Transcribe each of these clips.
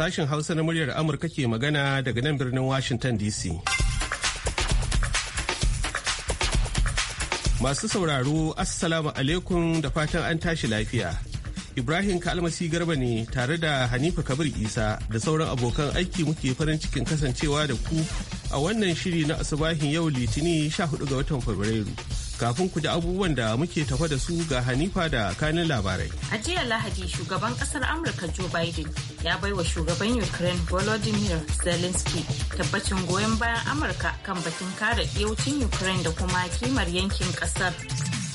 Sashen Hausa na muryar Amurka ke magana daga nan birnin Washington DC. Masu sauraro, Assalamu alaikum da fatan an tashi lafiya. Ibrahim Kalmasi Garba ne tare da Hanifa Kabir Isa da sauran abokan aiki muke farin cikin kasancewa da ku a wannan shiri na asubahin yau Litini 14 ga watan Fabrairu. kafin ku ji abubuwan da muke tafa da su ga Hanifa da kanin labarai. A jiya Lahadi shugaban kasar Amurka Joe Biden ya wa shugaban Ukraine Volodymyr Zelensky tabbacin goyon bayan Amurka kan batun kare yaucin Ukraine da kuma kimar yankin kasar.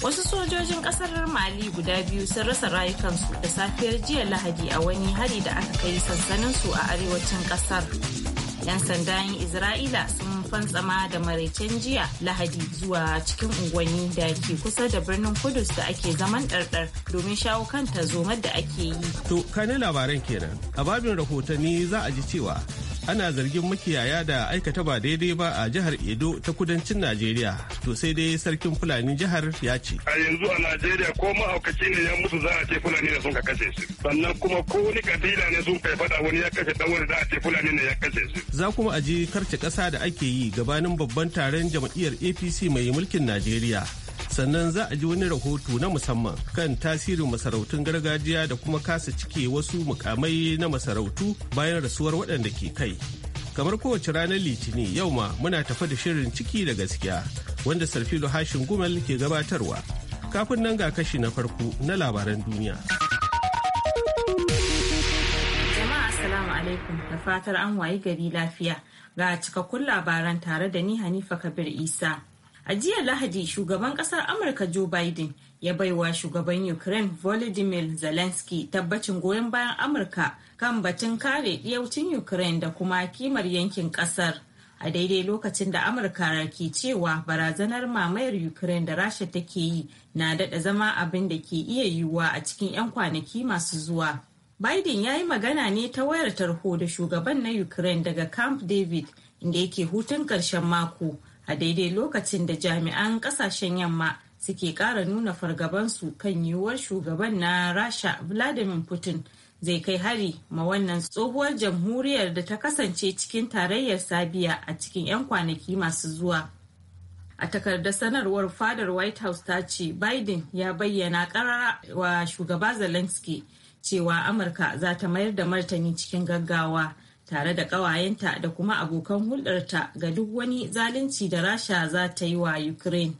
Wasu sojojin kasar Mali guda biyu sun rasa rayukansu da safiyar jiya Lahadi a wani hari da aka kai sansaninsu a arewacin kasar. 'Yan sandan Isra'ila sun fantsama da maraicen jiya Lahadi zuwa cikin unguwanni da ke kusa da birnin Kudus da ake zaman ɗarɗar domin shawo kan tarzomar da ake yi. To, kanin labaran kenan. A babin rahotanni za a ji cewa ana zargin makiyaya da aikata ba daidai ba a jihar edo ta kudancin najeriya to sai dai sarkin fulani jihar ya ce a yanzu a najeriya ko ma'aukaci ne ya mutu za a ce fulani ne sun ka kashe su. sannan kuma ko wani kabila ne sun kai fada wani ya kashe dawar da a ce fulani ne ya kashe su. za kuma a ji karce kasa da ake yi gabanin babban taron jam'iyyar apc mai mulkin najeriya sannan za a ji wani rahoto na musamman kan tasirin masarautun gargajiya da kuma kasa cike wasu mukamai na masarautu bayan rasuwar waɗanda ke kai kamar kowace ranar litinin yau ma muna tafa da shirin ciki da gaskiya wanda sarfilo hashin gumel ke gabatarwa kafin nan ga kashi na farko na labaran duniya jama'a assalamu alaikum da fatar an wayi gari lafiya ga cikakkun labaran tare da ni hanifa kabir isa A jiya Lahadi shugaban kasar Amurka Joe Biden ya baiwa shugaban Ukraine Volodymyr Zelensky tabbacin goyon bayan Amurka kan batun kare diyaucin Ukraine da kuma kimar yankin kasar. A daidai lokacin da Amurka ke cewa barazanar mamayar Ukraine da Rasha take yi na daɗa zama abin da ke iya yiwuwa a cikin 'yan kwanaki masu zuwa. Biden ya yi magana ne ta wayar tarho da shugaban na Ukraine daga Camp David inda yake hutun ƙarshen mako. a daidai lokacin da jami'an kasashen yamma suke kara nuna fargabansu kan yiwuwar shugaban na rasha vladimir putin zai kai hari ma wannan tsohuwar jamhuriyar da ta kasance cikin tarayyar sabiya a cikin 'yan kwanaki masu zuwa a takardar sanarwar fadar white house ta ce biden ya bayyana karara wa shugaba zelensky cewa amurka za ta mayar da martani cikin gaggawa tare da ƙawayenta da kuma abokan hulɗarta ga duk wani zalunci da rasha za ta yi wa ukraine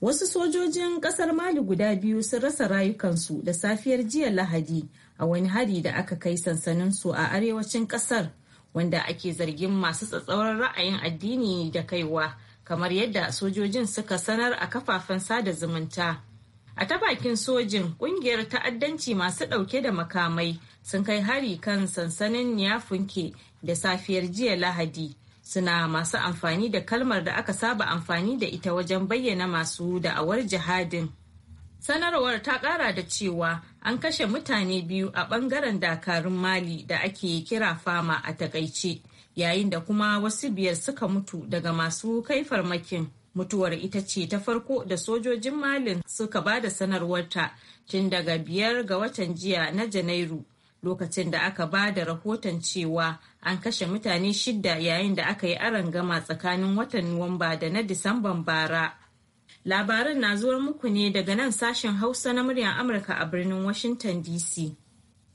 wasu sojojin ƙasar mali guda biyu sun rasa rayukansu da safiyar jiya lahadi a wani hari da aka kai sansaninsu a arewacin ƙasar wanda ake zargin masu tsatsauran ra'ayin addini da kaiwa kamar yadda sojojin suka sanar a kafafen sada zumunta a ta bakin sojin kungiyar ta'addanci masu ɗauke da makamai sun kai hari kan sansanin niyafunke da safiyar jiya lahadi suna masu amfani da kalmar da aka saba amfani da ita wajen bayyana masu da'awar jihadin sanarwar ta ƙara da cewa an kashe mutane biyu a ɓangaren dakarun mali da ake kira fama a takaice yayin da kuma wasu biyar suka mutu daga masu kai farmakin mutuwar ita ce ta farko da sojojin malin suka ba da sanarwarta tun daga biyar ga watan jiya na janairu lokacin da aka ba da rahoton cewa an kashe mutane shidda yayin da aka yi gama tsakanin watan nuwamba da na disamban bara labaran na zuwar muku ne daga nan sashen hausa na muryar amurka a birnin washington dc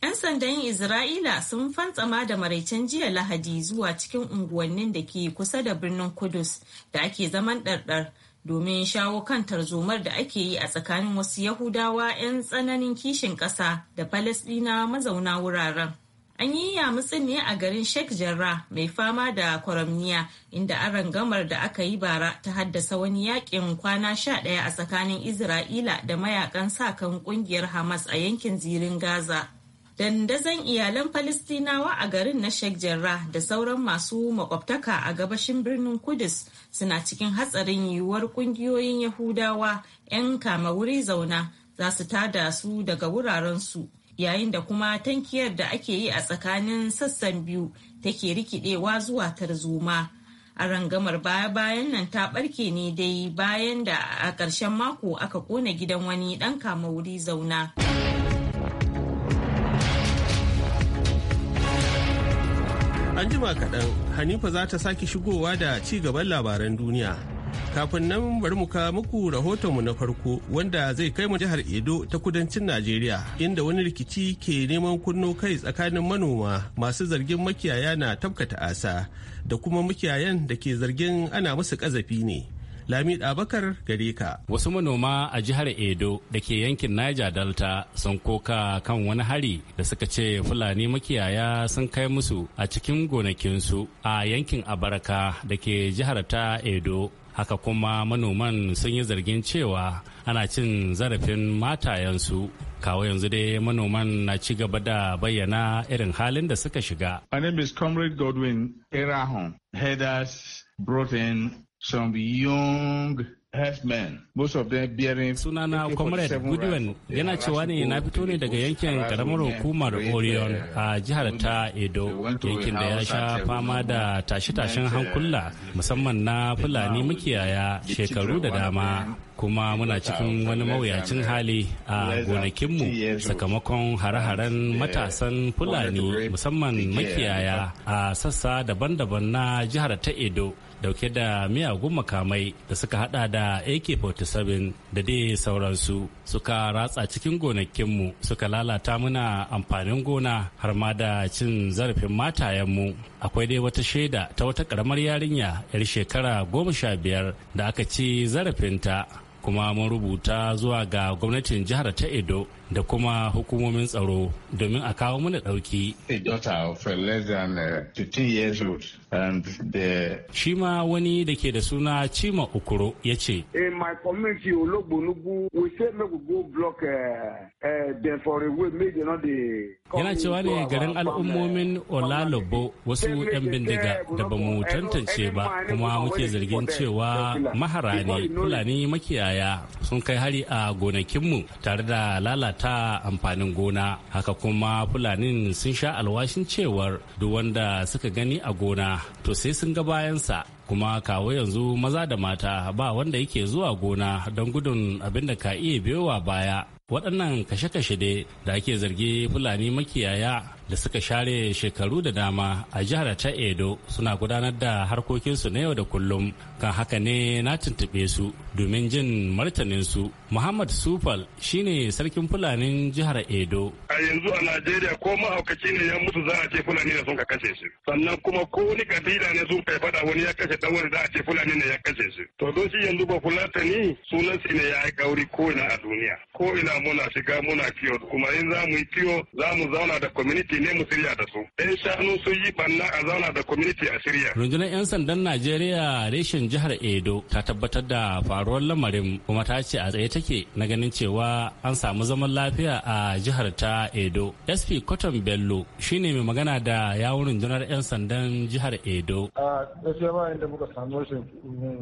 'Yan sandan Isra'ila sun fantsama da maraicen jiya Lahadi zuwa cikin unguwannin da ke kusa da birnin Kudus da ake zaman ɗarɗar domin shawo kan tarzomar da ake yi a tsakanin wasu Yahudawa 'yan tsananin kishin ƙasa da Falasɗina mazauna wuraren. An yi yamutsin ne a garin Sheikh Jarrah mai fama da kwaramniya inda an rangamar da aka yi bara ta haddasa wani yakin kwana sha ɗaya a tsakanin Isra'ila da mayakan sa kan kungiyar Hamas a yankin zirin Gaza. dandazon iyalan Falistinawa a garin na Sheikh Jarrah da sauran masu makwabtaka a gabashin birnin Kudus suna cikin hatsarin yiwuwar kungiyoyin Yahudawa 'yan kama wuri zauna za su tada su daga wurarensu yayin da kuma tankiyar da ake yi a tsakanin sassan biyu take rikidewa zuwa tarzoma. a rangamar baya-bayan nan ta barke ne dai bayan da a ƙarshen mako aka kona gidan wani ɗan kama wuri zauna. An jima kaɗan Hanifa za ta sake shigowa da ci gaban labaran duniya. Kafin nan bari mu kawo muku mu na farko wanda zai kai mu jihar Edo ta kudancin Najeriya inda wani rikici ke neman kunno kai tsakanin manoma masu zargin makiyaya na tafkata asa da kuma makiyayan da ke zargin ana musu ƙazafi ne. Lamid Abakar gare ka. Wasu manoma a jihar Edo da ke yankin Niger Delta sun koka kan wani hari da suka ce Fulani makiyaya sun kai musu a cikin gonakinsu a yankin Abaraka da ke jihar ta Edo. Haka kuma manoman sun yi zargin cewa ana cin zarafin matayensu kawo yanzu dai manoman na ci gaba da bayyana irin halin da suka shiga. My name is Comrade Godwin Erahon, headers brought in some young Sunana Comrade Goodwin yana cewa ne na fito ne daga yankin karamar hukumar Orion a jihar ta Edo, yankin da ya sha fama da tashe-tashen hankula musamman na Fulani makiyaya shekaru da dama. kuma muna cikin wani mawuyacin hali a gonakinmu sakamakon hare-haren matasan fulani musamman makiyaya a sassa daban-daban na jihar ta edo dauke da miyagun makamai da suka hada da ak-47 da dai sauransu suka ratsa cikin gonakinmu suka lalata muna amfanin gona har ma da cin zarafin matayenmu akwai dai wata shaida ta wata karamar yarinya yar shekara goma sha biyar da aka ci zarafinta kuma mun rubuta zuwa ga gwamnatin jihar ta edo da kuma hukumomin tsaro domin a kawo mana ɗauki. Uh, Shi ma wani da ke da suna cima Okoro ya ce. In my community we say make we go block uh, uh, them for a way make they not dey. Yana cewa ne garin uh, al'ummomin Olalobo wasu 'yan bindiga da ba mu tantance ba kuma muke zargin cewa mahara ne Fulani makiyaya sun kai hari a gonakinmu tare da lalata ta amfanin gona haka kuma fulanin sun sha alwashin cewar duk wanda suka gani a gona to sai sun ga bayansa kuma kawo yanzu maza da mata ba wanda yake zuwa gona don gudun abinda ka iya biyowa baya waɗannan kashe-kashe da ake zargi fulani makiyaya da suka share shekaru da dama a jihar ta edo suna gudanar da harkokinsu na yau da kullum kan haka ne na tuntube su domin jin martaninsu muhammad sufal shine sarkin fulanin jihar edo a yanzu a najeriya ko mahaukaci ne ya mutu za a ce fulani ne sun ka kashe shi sannan kuma ko wani kabila ne sun kai fada wani ya kashe dawar da a ce fulani ne ya kashe shi to don shi yanzu ba ni. sunan ne ya yi kauri ko ina a duniya ko ina muna shiga muna kiyo kuma in za mu yi kiyo za mu zauna da community community ne mu da su ɗan shanu sun yi banna a zauna da community a shirya rundunar 'yan sandan najeriya reshen jihar edo ta tabbatar da faruwar lamarin kuma ta ce a tsaye take na ganin cewa an samu zaman lafiya a jihar ta edo sp cotton bello shine mai magana da yawun rundunar 'yan sandan jihar edo a gaskiya ba inda muka samu rashin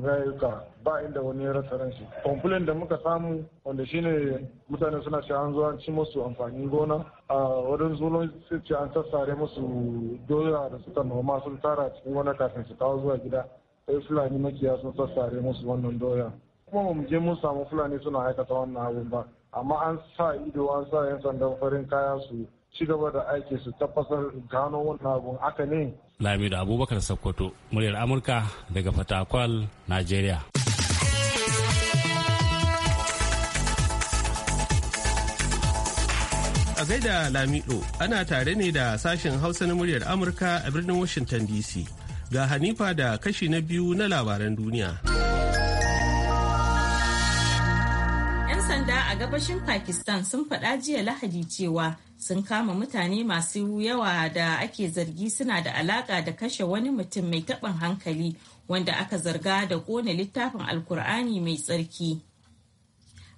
rayuka ba inda wani rasa ranshi komplain da muka samu wanda shine mutane suna ce an ci musu amfanin gona a wurin zulun ce an sassare musu doya da suka noma sun tara cikin wani kafin su kawo zuwa gida sai fulani makiya sun sassare musu wannan doya kuma mu je mun samu fulani suna aikata wannan abun ba amma an sa ido an sa yan sandan farin kaya su ci gaba da aiki su tabbatar gano wannan abun haka ne lamido abubakar sokoto muryar amurka daga fatakwal nigeria. a gaida Lamido ana tare ne da sashen Hausa na muryar Amurka a birnin Washington DC. Ga Hanifa da kashi na biyu na labaran duniya. 'Yan sanda a gabashin Pakistan sun faɗa jiya Lahadi cewa sun kama mutane masu yawa da ake zargi suna da alaƙa da kashe wani mutum mai taɓin hankali wanda aka zarga da ƙone littafin Alkur'ani mai tsarki.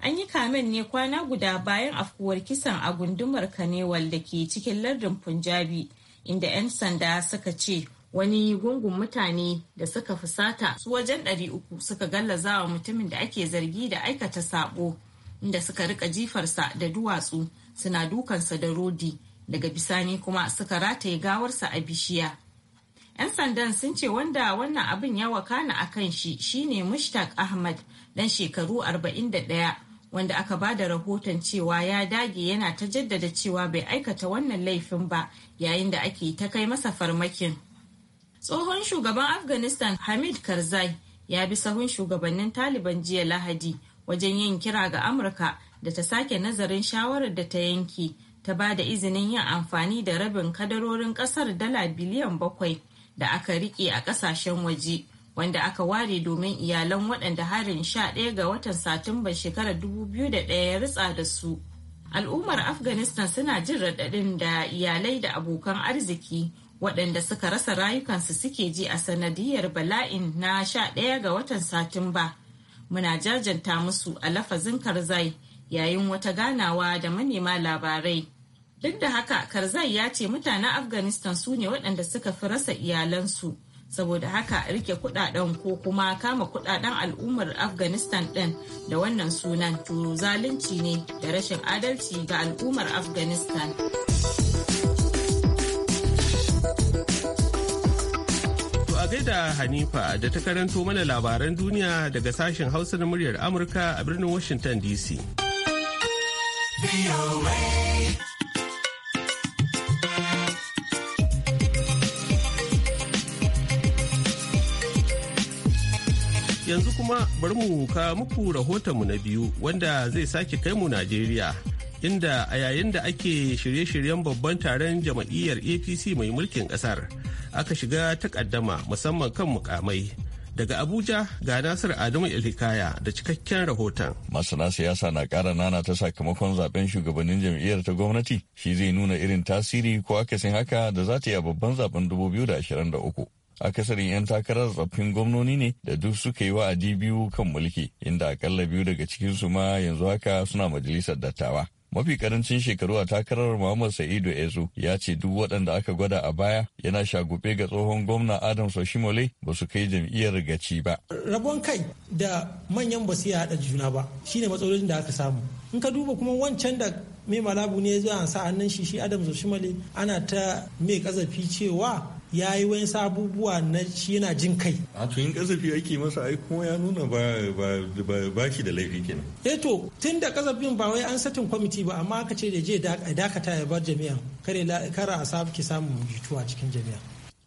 An yi kamen ne kwana guda bayan afkuwar kisan a gundumar Kanewal da ke cikin lardin Punjabi, inda 'yan sanda suka ce wani gungun mutane da suka fusata su wajen 300 suka gallaza wa mutumin da ake zargi da aikata sabo, inda suka rika jifarsa da duwatsu suna dukansa da rodi, daga bisani kuma suka rataye gawarsa a bishiya. 'yan sandan sun ce wanda wannan abin ya wakana a kan shi shine mushtaq ahmad dan shekaru 41 wanda aka ba da rahoton cewa ya dage yana ta jaddada cewa bai aikata wannan laifin ba yayin da ake ta kai masa farmakin. Tsohon shugaban Afghanistan Hamid Karzai ya bi sahun shugabannin Taliban jiya Lahadi wajen yin kira ga Amurka da ta sake nazarin shawarar da ta yanki ta ba da izinin yin amfani da rabin kadarorin kasar dala biliyan bakwai da aka rike a kasashen waje wanda aka ware domin iyalan waɗanda harin sha ɗaya ga watan satumba shekarar 2001 ya ritsa da su al'ummar afghanistan suna jin raɗaɗin da iyalai da abokan arziki waɗanda suka rasa rayukansu suke ji a sanadiyar bala'in na sha ɗaya ga watan satumba muna jajanta musu a lafazin karzai yayin wata ganawa da manema labarai duk da haka karzai ya ce mutanen afghanistan su ne waɗanda suka fi rasa iyalansu saboda haka rike kudaden ko kuma kama kudaden al'ummar afghanistan din da wannan sunan to zalunci ne da rashin adalci ga al'ummar afghanistan gaida Hanifa da ta karanto mana labaran duniya daga sashen Hausa na muryar Amurka a birnin Washington DC. Yanzu kuma bari mu ka muku mu na biyu wanda zai sake kai mu Najeriya. Inda a yayin da ake shirye-shiryen babban taron jama'iyyar APC mai mulkin kasar aka shiga takaddama musamman kan mukamai. Daga Abuja ga Nasir Adamu Ilhikaya da cikakken rahoton. Masana siyasa na ƙara nana ta sakamakon zaben shugabannin jam'iyyar ta gwamnati shi zai nuna irin tasiri ko akasin haka da za ta yi a babban zaben 2023. akasarin 'yan takarar tsoffin gwamnoni ne da duk suka yi wa'adi biyu kan mulki inda akalla biyu daga cikinsu ma yanzu haka suna majalisar dattawa mafi karancin shekaru a takarar Muhammad Sa'idu Ezo ya ce duk waɗanda aka gwada a baya yana shagube ga tsohon gwamna Adam Soshimole ba su kai jam'iyyar gaci ba. Rabon kai da manyan ba su haɗa juna ba shine matsalolin da aka samu. In ka duba kuma wancan da mai malabu ne zuwa sa hannun shi shi Adam Soshimole ana ta mai kazafi cewa ya yi wani abubuwa na shi yana jin kai. A to kasafi ake masa ai kuma ya nuna ba shi da laifi kenan. Eh to tun da kasafin ba wai an satin kwamiti ba amma aka ce da je dakata ya bar jami'a kare kara a sabu samun samu jituwa cikin jami'a.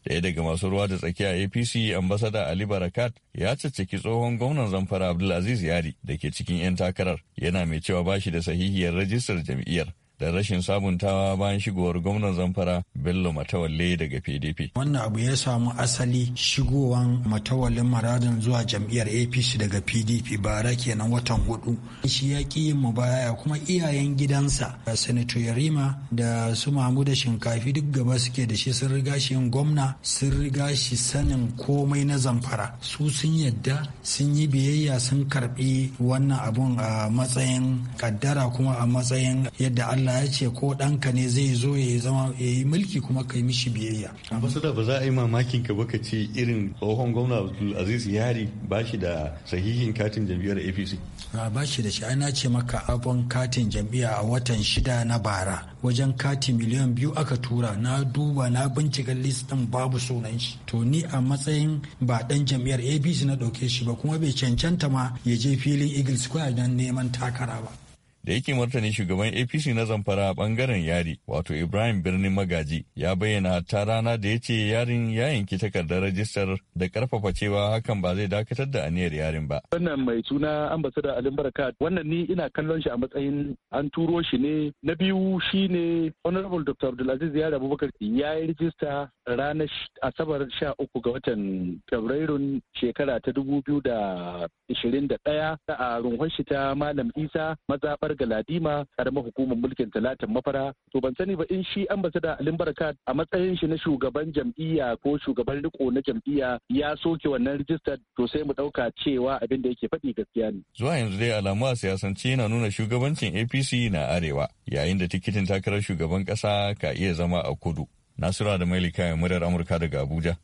Daya daga masu ruwa da tsakiya APC ambasada Ali Barakat ya caccaki tsohon gwamnan zamfara Abdulaziz Yari da ke cikin 'yan takarar yana mai cewa ba shi da sahihiyar rajistar jam'iyyar. da rashin sabuntawa bayan shigowar gwamnan zamfara bello matawalle daga pdp wannan abu ya samu asali shigowan matawallin maradin zuwa jam'iyyar apc daga pdp bara kenan watan hudu shi ya ki yin baya kuma iyayen gidansa sanato yarima da su mamu da shinkafi duk gaba suke da shi sun riga shi yin gwamna sun riga shi sanin komai na zamfara su sun yadda sun yi biyayya sun karbi wannan abun a matsayin kaddara kuma a matsayin yadda allah Allah ya ce ko ɗanka ne zai zo ya zama ya yi mulki kuma ka yi mishi biyayya. da ba za a yi mamakin ka baka ce irin tsohon gwamna Aziz Yari ba shi da sahihin katin jam'iyyar APC. Ba shi da shi ana ce maka abon katin jam'iyya a watan shida na bara wajen katin miliyan biyu aka tura na duba na bincika list babu sunan shi. To ni a matsayin ba ɗan jam'iyyar APC na ɗauke shi ba kuma bai cancanta ma ya je filin Eagle Square don neman takara ba. da yake martani shugaban apc na zamfara a bangaren yari wato ibrahim birnin magaji ya bayyana ta rana da ya ce yarin ya yanki takardar rajistar da karfafa cewa hakan ba zai dakatar da aniyar yarin ba wannan mai suna ambasada alin barakat wannan ni ina kallon shi a matsayin an turo shi ne na biyu shi ne honorable dr abdulaziz yari abubakar ya yi rajista ranar asabar sha uku ga watan fabrairun shekara ta dubu biyu da ishirin da ɗaya a runhon shi ta malam isa mazaɓar Ladima karamar hukumar mulkin talatin mafara to ban sani ba in shi ambasada alin barkat a matsayin shi na shugaban jam'iyya ko shugaban riko na jam'iyya ya soke wannan rijistar to sai mu dauka cewa abin da yake faɗi gaskiya ne zuwa yanzu dai alamu a siyasance yana nuna shugabancin apc na arewa yayin da tikitin takarar shugaban kasa ka iya zama a kudu nasiru da mailika murar amurka daga abuja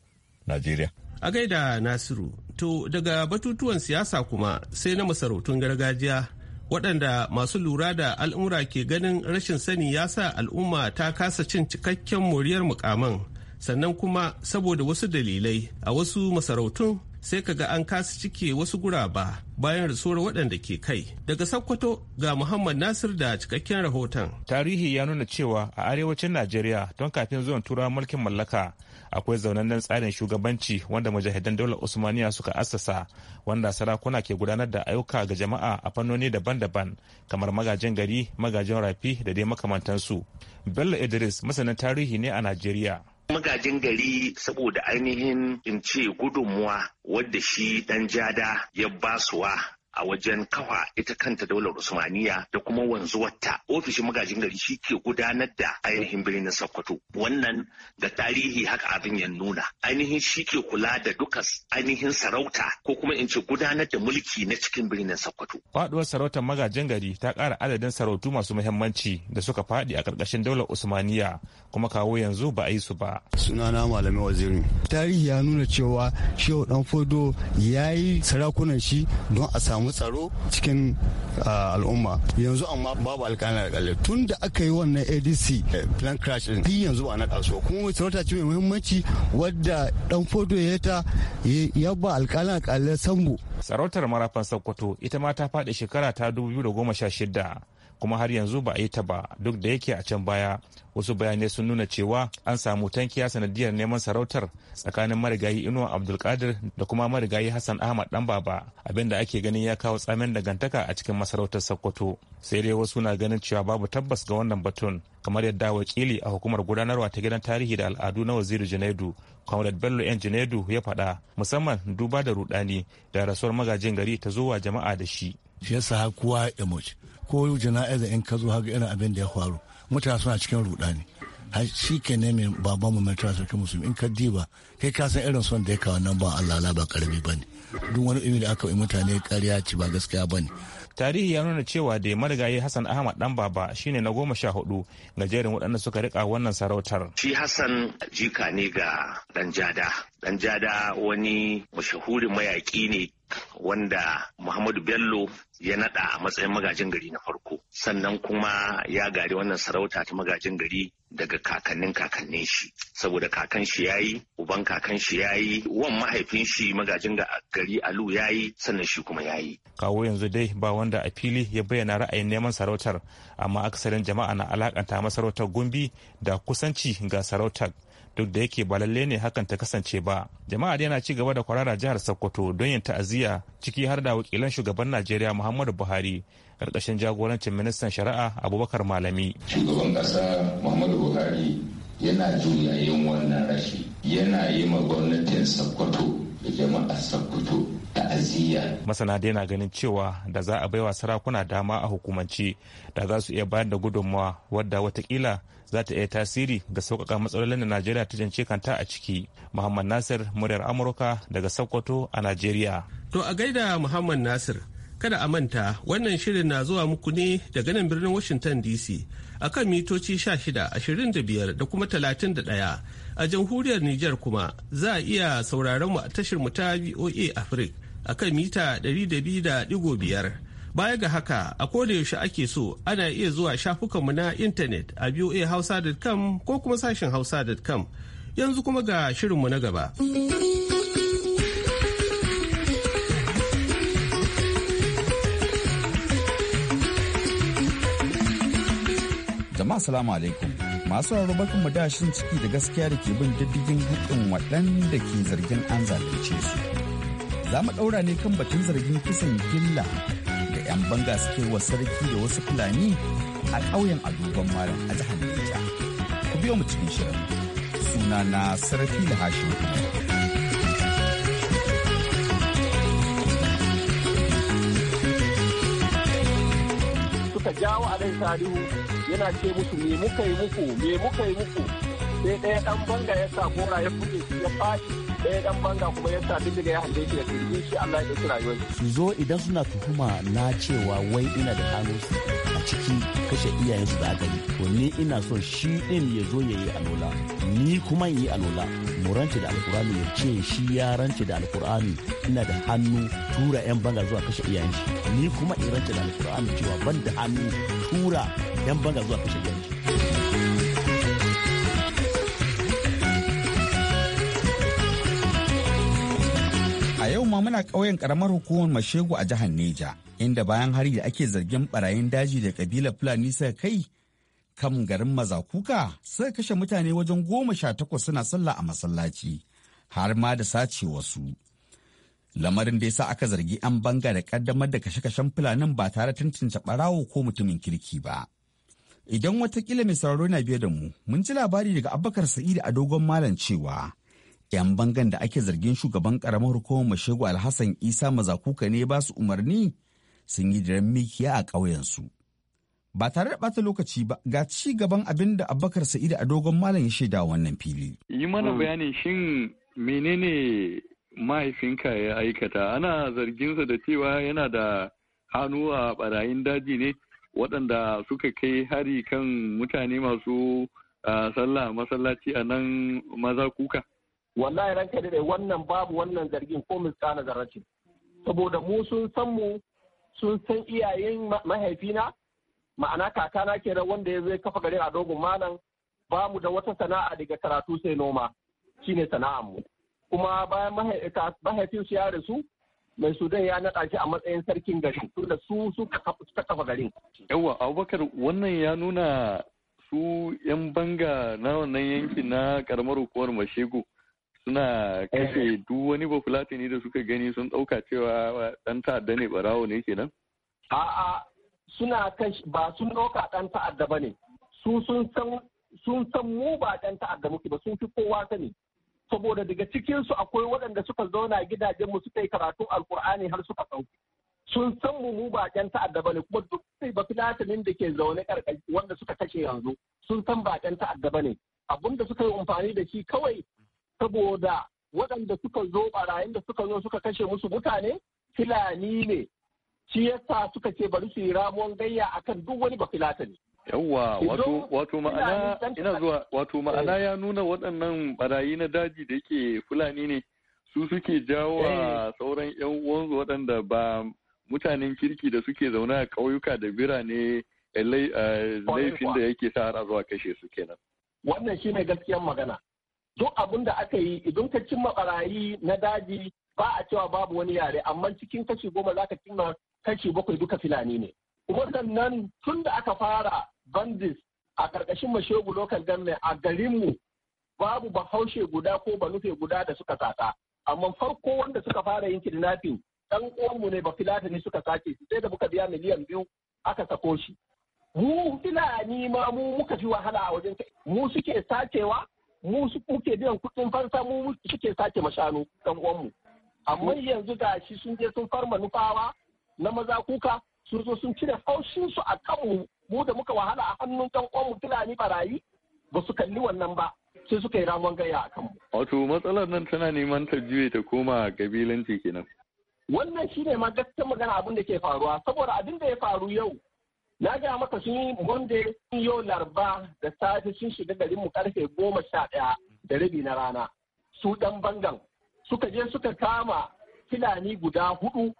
najeriya a gaida nasiru to daga batutuwan siyasa kuma sai na masarautun gargajiya waɗanda masu lura da al'umura ke ganin rashin sani ya sa al'umma ta kasa cin cikakken moriyar mukaman sannan kuma saboda wasu dalilai a wasu masarautun sai ka ga an kasa cike wasu guraba bayan rasuwar waɗanda ke kai daga sakkwato ga muhammad nasir da cikakken rahoton tarihi ya nuna cewa a arewacin najeriya don kafin zuwan turawa mulkin mallaka akwai zaunannen tsarin shugabanci wanda mujahidan daular usmaniya suka assasa wanda sarakuna ke gudanar da ayyuka ga jama'a a fannoni daban-daban kamar magajin gari magajin rafi da dai makamantansu bello idris masanin tarihi ne a najeriya magajin gari saboda ainihin in ce gudunmuwa wadda shi dan jada ya basuwa a wajen kafa ita kanta daular Usmaniya da kuma wanzuwarta. Ofishin magajin gari shi ke gudanar da ainihin birnin Sokoto. Wannan da tarihi haka abin ya nuna. Ainihin shi ke kula da duka ainihin sarauta ko kuma in ce gudanar da mulki na cikin birnin Sokoto. Faduwar sarautar magajin gari ta kara adadin sarautu masu muhimmanci da suka faɗi a karkashin daular Usmaniya kuma kawo yanzu ba a yi su ba. Sunana Malami Waziri. Tarihi ya nuna cewa Shehu dan fodo yayi sarakunan shi don a samu samu tsaro cikin ah, al'umma yanzu amma babu alƙalin kalli tun da aka yi wannan adc eh, plan crash din yanzu ba na kasuwa kuma sarauta ce mai muhimmanci wadda dan fodo ya ta ya ba alƙalin alƙalai sambo sarautar marafan sokoto ita ma ta faɗi shekara ta goma 2016 kuma har yanzu ba a yi ta ba duk da yake a can baya wasu bayanai sun nuna cewa an samu tankiya sanadiyar neman sarautar tsakanin marigayi inuwa abdulkadir da kuma marigayi hassan ahmad dan baba abinda ake ganin ya kawo tsamin dangantaka a cikin masarautar sokoto sai dai wasu na ganin cewa babu tabbas ga wannan batun kamar yadda wakili a hukumar gudanarwa ta gidan tarihi da al'adu na waziri junaidu comrade bello yan junaidu ya faɗa musamman duba da rudani da rasuwar magajin gari ta zuwa jama'a da shi shi yasa kowa emoji ko jana'iza in ka zo haka irin abin da ya faru mutane suna cikin rudani shi ke ne mai baban mu mai sarki musulmi in ka diba kai ka san irin son da ya kawo nan ba Allah ba karami ba ne duk wani imi da aka yi mutane karya ci ba gaskiya ba ne. tarihi ya nuna cewa da ya marigayi hassan ahmad dan baba shine na goma sha hudu ga jerin waɗanda suka rika wannan sarautar shi hassan jika ne ga dan jada dan jada wani mashahurin mayaki ne wanda Muhammadu Bello ya naɗa a matsayin magajin gari na farko sannan kuma ya gari wannan sarauta ta magajin gari daga kakannin kakannin shi saboda kakan shi yayi uban kakan shi yayi wan mahaifin shi magajin gari Alu yayi sannan shi kuma yayi kawo yanzu dai ba wanda a fili ya bayyana ra'ayin neman sarautar amma akasarin jama'a na alakanta masarautar Gombe da kusanci ga sarautar duk da yake ba lalle ne hakan ta kasance ba jama'a yana ci gaba da kwarara jihar sokoto don yin ta'aziyya ciki har da wakilan shugaban najeriya muhammadu buhari karkashin jagorancin ministan shari'a abubakar malami shugaban kasa muhammadu buhari yana yin wannan rashi yana yi ma gwamnatin sokoto da jama'a sakkwato ta'aziyya. Masana dai na ganin cewa da za a baiwa sarakuna dama a hukumance da za su iya bayar da gudunmawa wadda watakila za ta iya tasiri ga sauƙaƙa matsalolin da Najeriya ta jance kanta a ciki. Muhammad Nasir muryar Amurka daga Sokoto a Najeriya. To a gaida Muhammad Nasir kada a manta wannan shirin na zuwa muku ne daga nan birnin Washington DC akan mitoci 16, 25 da kuma 31. A jamhuriyar Nijar kuma za a iya sauraron mu a tashar mu ta VOA Africa a kan mita 200.5. Baya ga haka a koda yaushe ake so ana iya zuwa shafukanmu na intanet a voahausa.com ko kuma sashen hausa.com. Yanzu kuma ga shirinmu na gaba. Jama'a salamu alaikum. masu bakan mu da shirin ciki da gaskiya da ke bin diddigin hukun waɗanda ke zargin an zalunce su za mu ɗaura ne kan batun zargin kisan gilla da 'yan banga suke wa sarki da wasu fulani a ƙauyen agogon malam a jihar Nija. Ku biyo mu cikin shirin suna na sarki da hashin Suka jawo alai salihu yana ce musu me muka yi muku me muka yi muku sai ɗaya ɗan banga ya sa gora ya buɗe ya fashi ɗaya eh, dan banga kuma ya sa bindiga ya hande shi da kirgin shi Allah su zo idan suna tuhuma na cewa wai ina da hannu a ciki kashe iyayensu da aka yi to ni ina so shi ɗin ya zo ya yi alola ni kuma yi alola mu rance da alkur'ani ya ce shi ya rance da alkur'ani ina da hannu tura yan banga zuwa kashe iyayen shi ni kuma in rance da alkur'ani cewa ban da hannu tura yan banga zuwa kashe iyayen shi Kuma muna ƙauyen karamar hukumar Mashegu a jihar Neja, inda bayan hari da ake zargin barayin daji da kabilar Fulani suka kai kan garin Mazakuka suka kashe mutane wajen goma sha takwas suna sallah a masallaci, har ma da sace wasu. Lamarin da ya sa aka zargi an banga da ƙaddamar da kashe-kashen Fulanin ba tare tantance ɓarawo ko mutumin kirki ba. Idan watakila mai sauraro na biye da mu, mun ji labari daga Abubakar Sa'idu a dogon malam cewa 'yan bangan da ake zargin shugaban karamar hukumar mashego alhassan isa mazakuka ne ba su umarni sun yi diran mikiya a ƙauyensu ba tare da bata lokaci ba ga ci gaban abin da abubakar sa'id a dogon malam ya shaida wannan fili yi mana bayanin shin menene mahaifinka ya aikata ana zargin sa da cewa yana da hannu a barayin daji ne waɗanda suka kai hari kan mutane masu ah, sallah masallaci a nan maza kuka wallahi ranka da wannan babu wannan zargin ko miskana zarrace saboda mu sun san mu sun san iyayen mahaifina ma'ana kakana kenan wanda ya zai kafa garin a dogon malam ba mu da wata sana'a daga karatu sai noma shine sana'ar mu kuma bayan mahaifin su ya rasu mai sudan ya naɗa shi a matsayin sarkin gari, tunda su suka kafa garin yawa abubakar wannan ya nuna su 'yan banga na wannan yankin na karamar hukumar mashego suna kashe eh. duk wani bafulatani da suka gani sun ɗauka cewa ɗan ta'adda ne barawo ne kenan? A'a suna kashe ba sun ɗauka ɗan ta'adda ba ne. Su sun san sun san mu ba ɗan ta'adda muke ba sun fi kowa sani. Saboda daga cikinsu akwai waɗanda suka zauna gidajen mu suka yi karatun alkur'ani har suka ɗauki. Sun san mu mu ba ɗan ta'adda ba ne kuma duk sai bafulatanin da ke zaune ƙarƙashin wanda suka kashe yanzu sun san ba ɗan ta'adda ba ne. Abin da suka yi amfani da shi kawai saboda waɗanda suka zo ɓarayin da suka zo suka kashe musu mutane filani ne shi yasa suka ce bari su yi ramuwan gayya akan duk wani filata ne yawwa wato ma'ana zuwa wato ma'ana ya nuna waɗannan barayi na daji da yake fulani ne su suke jawo a eh. sauran yan uwansu waɗanda ba mutanen kirki da suke zaune a ƙauyuka da birane eh, eh, laifin da yake sa har zuwa kashe su kenan wannan shine gaskiyar magana duk abin da aka yi idan ka cimma barayi na daji ba a cewa babu wani yare amma cikin kashi goma za ka cimma kashi bakwai duka filani ne kuma sannan tun da aka fara bandis a ƙarƙashin mashegu lokal ganne a garinmu babu bahaushe guda ko ba banufe guda da suka sata amma farko wanda suka fara yin kidnapping dan uwanmu ne ba filatani suka sace sai da muka biya miliyan biyu aka sako shi mu filani ma mu muka fi wahala a wajen mu suke sacewa mu su kuke biyan kuɗin fansa mu suke sake mashanu ɗan mu. amma yanzu ga shi sun je sun farma nufawa na maza kuka sun zo sun cire haushin su a kanmu mu da muka wahala a hannun ɗan uwanmu fulani barayi ba su kalli wannan ba sai suka yi ramon gaya a kanmu. Wato matsalar nan tana neman ta juye ta koma kabilanci kenan. Wannan shine ne ma gaskiyar magana abin da ke faruwa saboda abin da ya faru yau Na ga maka sun yi wanda sun yau Larba da safe sun shiga garin mu karfe goma sha ɗaya da rabi na rana. Su ɗan bangan suka je suka kama filani guda hudu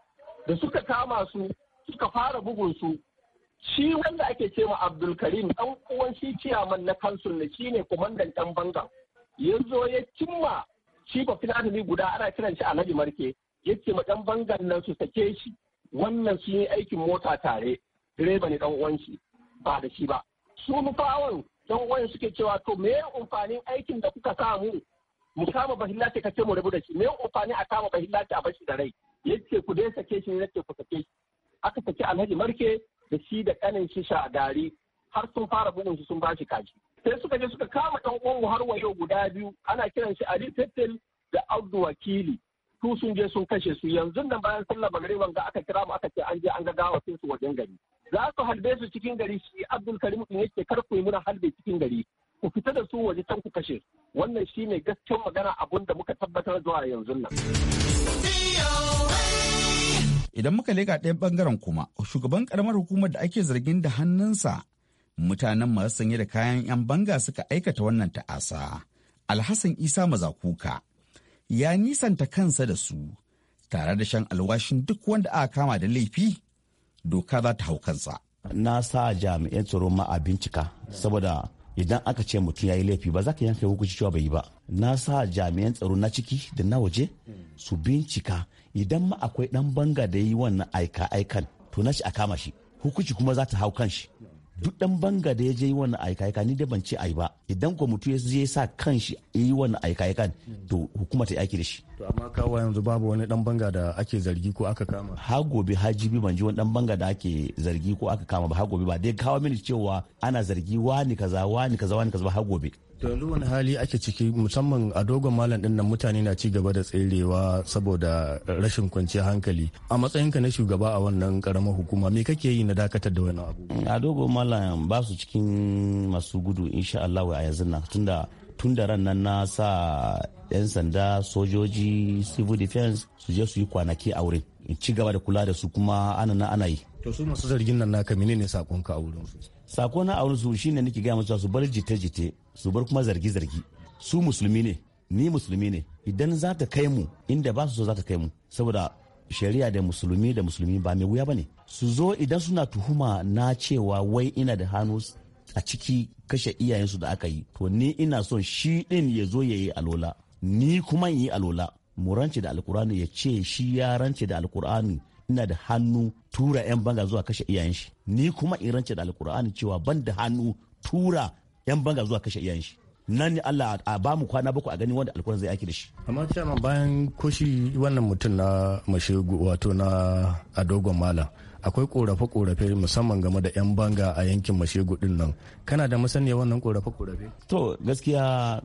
da suka kama su suka fara bugun su shi wanda ake ce ma Abdulkarim ɗan uwan shi ciyaman na kansul ne shine kwamandan ɗan bangan. Ya zo ya cimma shi ba filani guda ana kiran shi Alhaji Marke ya ce ma ɗan bangan nan su sake shi wannan sun yi aikin mota tare direba ne dan uwanki ba da shi ba su mufawan dan uwan suke cewa to me ya amfanin aikin da kuka sa mu kama ka ce kace mu rabu da shi me ya amfani a kama bahilla a bashi da rai yace ku dai sake shi ce ku sake shi aka saki Alhaji Marke da shi da kanin a gari har sun fara bugun shi sun bashi kaji sai suka je suka kama dan uwan mu har wayo guda biyu ana kiran shi Ali Fettel da Abdu Wakili su sun je sun kashe su yanzu nan bayan sallah bagare ga aka kira mu aka ce an je an ga gawa sun su wajen gari za su halbe su cikin gari shi abdul karim din yake kar ku yi muna halbe cikin gari ku fita da su waje can ku kashe wannan shi shine gaskiyar magana abun da muka tabbatar zuwa yanzu nan idan muka leka ɗaya bangaren kuma shugaban karamar hukumar da ake zargin da hannunsa mutanen masu sanye da kayan 'yan banga suka aikata wannan ta'asa alhassan isa mazakuka ya nisanta kansa da su tare da shan alwashin duk wanda aka kama da laifi doka za ta hau kansa. Na sa jami'an tsaro ma a bincika saboda idan aka ce mutum ya yi laifi ba za ka yanka hukunci cewa bai yi ba. Na sa jami'an tsaro na ciki da na waje su bincika idan ma akwai dan banga da yi wannan aika aikan to na shi a kama shi hukunci kuma za ta hau kan shi. duk dan banga da ya je yi wannan aika ni da ban ce ai ba idan ko mutum ya je sa kanshi yi wannan aika to hukuma ta yaki da shi to amma kawo yanzu babu wani dan banga da ake zargi ko aka kama ha gobe ha jibi ban ji wani dan banga da ake zargi ko aka kama ba ha gobe ba dai kawo mini cewa ana zargi wani kaza wani kaza wani kaza ba ha gobe to yanzu wani hali ake ciki musamman a dogon malam din nan mutane na ci gaba da tserewa saboda rashin kwanciyar hankali a matsayinka na shugaba a wannan karamar hukuma me kake yi na dakatar da wani abu a dogon malam ba su cikin masu gudu insha Allah a yanzu nan tunda tun ran nan na sa 'yan sanda sojoji civil defense su je su yi kwanaki a wurin ci gaba da kula da su kuma ana na ana yi to su masu zargin nan naka menene sakonka a wurin su sako na aure su shine nake gaya musu su bar jite-jite su bar kuma zargi-zargi su musulmi ne ni musulmi ne idan za ta kai mu inda ba su so za ta kai mu saboda shari'a da musulmi da musulmi ba mai wuya bane su zo idan suna tuhuma na cewa wai ina da hannu a ciki kashe iyayensu da aka yi to ni ina son shi din ya zo ya yi alola ni kuma yi alola mu rance da alkur'ani ya ce shi ya rance da alkur'ani ina da hannu tura 'yan banga zuwa kashe iyayen shi ni kuma in rance da alkur'ani cewa ban da hannu tura 'yan banga zuwa kashe iyayen shi nan ne Allah a ba mu kwana bako a gani wanda alkur'ani zai aiki da shi amma cewa bayan koshi wannan mutum na mashegu wato na adogon mala akwai korafe-korafe musamman game da 'yan banga a yankin mashegu din nan kana da masaniya wannan korafe-korafe to gaskiya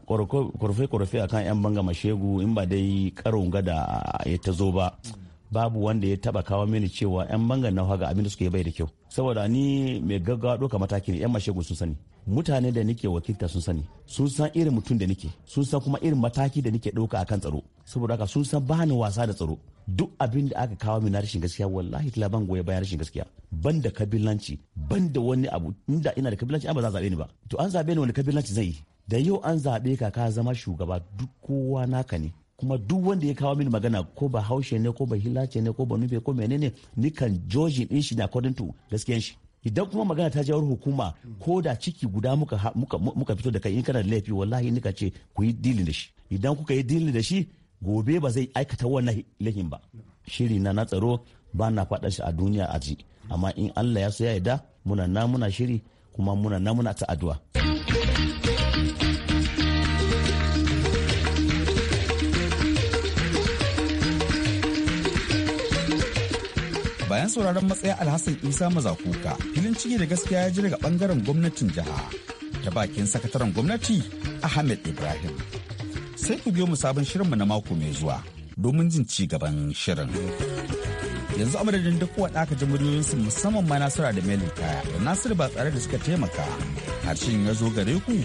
korafe-korafe akan 'yan banga mashegu in ba dai karo gada ya ta zo ba mm. babu wanda ya taba kawo mini cewa yan bangan na ga abin da suka yi bai da kyau saboda ni mai gaggawa doka mataki ne yan mashegun sun sani mutane da nake wakilta sun sani sun san irin mutum da nake sun san kuma irin mataki da nake dauka akan tsaro saboda haka sun san bani wasa da tsaro duk abin da aka kawo min na rashin gaskiya wallahi tila ban goya bayan rashin gaskiya ban da kabilanci ban da wani abu inda ina da kabilanci an ba za a zaɓe ni ba to an zaɓe ni wani kabilanci zai yi da yau an zaɓe ka ka zama shugaba duk kowa naka ne kuma duk wanda ya kawo mini magana ko ba haushe ne ko ba hilace ne ko ba nufe ko menene nikan joji din shi na according to gaskiyan shi idan kuma magana ta jawar hukuma ko da ciki guda muka, fito da kai in kana laifi wallahi nika ce ku yi dilin da shi idan kuka yi dilin da shi gobe ba zai aikata wannan laifin ba shiri na na tsaro ba na faɗa shi a duniya a ji. amma in Allah ya so ya yarda muna na muna shiri kuma muna na muna ta'addu'a. addu'a. sauraron matsayin alhassan isa mazakuka filin ciki da gaskiya ya ji daga bangaren gwamnatin jiha ta bakin sakataren gwamnati ahmed ibrahim sai ku biyo mu sabon shirin mu na mako mai zuwa domin jin ci gaban shirin yanzu a madadin duk waɗaka jamhuriyoyinsu musamman ma nasara da melin kaya da nasiru ba tsare da suka taimaka harshen ya zo gare ku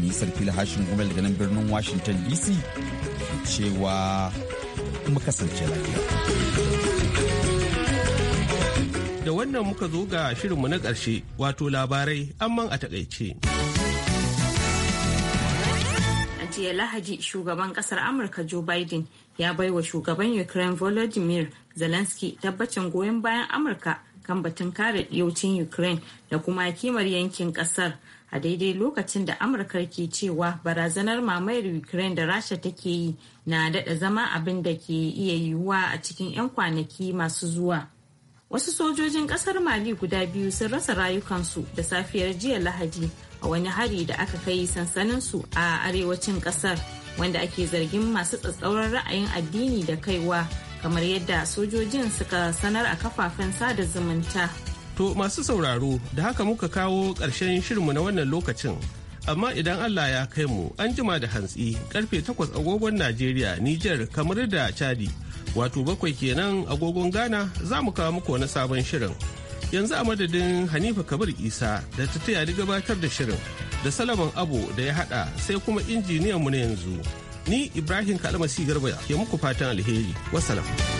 ni sarki lahashin gumel daga nan birnin washington dc cewa kuma kasance lafiya. Da wannan muka zo ga shirinmu na ƙarshe wato labarai amman a takaice. A jiya Lahadi shugaban ƙasar Amurka Joe Biden ya baiwa shugaban Ukraine Volodymyr Zelensky tabbacin goyon bayan Amurka kan batun kare yaucin Ukraine da kuma kimar yankin ƙasar a daidai lokacin da Amurka ke cewa barazanar mamayar Ukraine da Rasha take yi na daɗa zama abin da ke iya yiwuwa a cikin 'yan kwanaki masu zuwa. wasu sojojin kasar mali guda biyu sun rasa rayukansu da safiyar jiya lahadi a wani hari da aka kai sansaninsu a arewacin kasar wanda ake zargin masu tsatsauran ra'ayin addini da kaiwa kamar yadda sojojin suka sanar a kafafen sada zumunta to masu sauraro da haka muka kawo ƙarshen shirinmu na wannan lokacin amma idan allah ya kai mu an jima da hantsi karfe 8 agogon najeriya niger kamar da chadi wato bakwai kenan agogon ghana za mu kawo muku wani sabon shirin yanzu a madadin hanifa kabir isa da ta taya da gabatar da shirin da salaman abu da ya hada sai kuma injiniyan mu na yanzu ni ibrahim kalmasi garba ke muku fatan alheri wasalam.